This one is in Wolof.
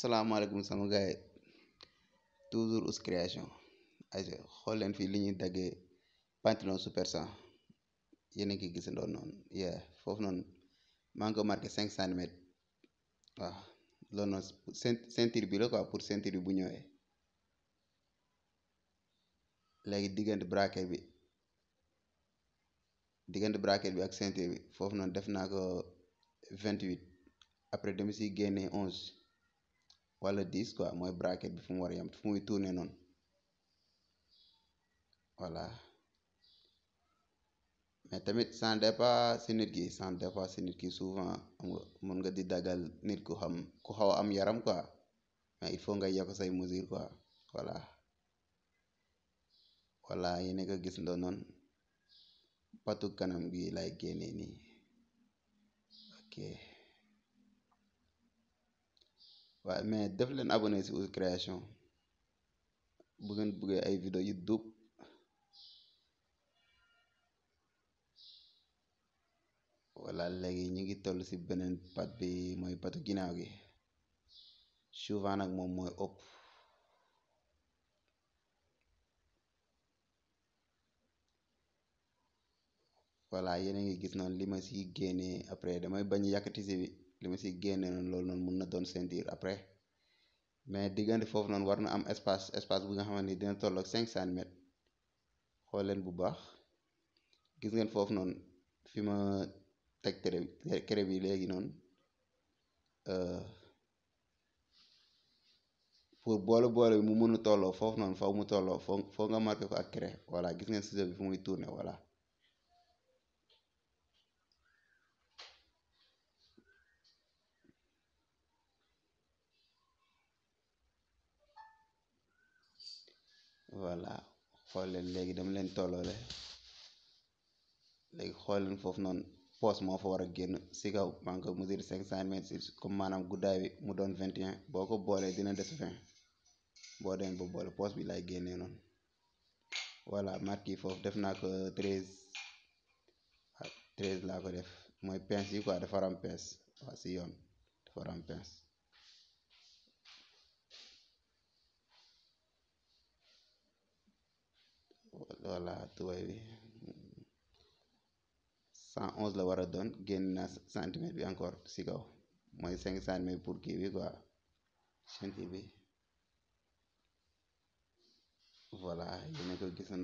salaamaaleykum sama gaay toujours Création ay xool leen fii li ñuy daggee pantalon super 100 yéen a ngi noonu yeah foofu noonu maa ngi ko marqué cinq centimètres waaw loolu noonu ceinture bi la quoi pour ceinture bi bu ñëwee léegi diggante braquet bi diggante braquet bi ak ceinture bi foofu noonu def naa ko vingt huit après dama si génnee onze wala 10 quoi mooy bracket bi fu mu war a yem fu muy tourner noonu voilà mais tamit sans dépasser nit ki sans dépasser nit ki souvent mun nga di dagal nit ku xam ku xaw a am yaram quoi mais il faut nga yokk say mesure quoi voilà wala yéen a gis ndoo noonu kanam gi lay génnee nii ok waa mais def leen abonné si Ouz Création bu ngeen bëggee ay vidéo YouTube voilà léegi ñu ngi toll si beneen pat bi mooy patu ginnaaw gi souvent nag moom mooy ëpp voilà yéen a ngi gis noonu li ma si génnee après damay bañ yàkkati si bi li si génnee noonu loolu noonu mun na doon ceinture après mais diggante foofu noonu war na am espace espace bu nga xamante ni dina toll ak cinq cent xool leen bu baax gis ngeen foofu noonu fi ma teg craie bi léegi noonu euh, pour boole boole bi mu mun a tolloo foofu noonu faw mu tolloo foo foo nga marqué ko ak craie voilà gis ngeen ciseau bi fu muy tourner voilà. voilà xool leen léegi dama leen tolloole léegi xool leen foofu noonu poos moo fa war a génn si kaw maa ngi ko cinq cent mètres si comme maanaam guddaay bi mu doon vingt boo ko boolee dina des vingt boo demee ba boole poos bi laay génnee noonu voilà marque yi foofu def naa ko treize ah, treize laa ko def mooy pince yi quoi dafa ram pince waa si yoon dafa ram pince voilà tubay bi cent onze la war a doon génn na bi encore si kaw mooy cinq centimètre pour kii bi quoi chantier bi voilà yéen a ko gisan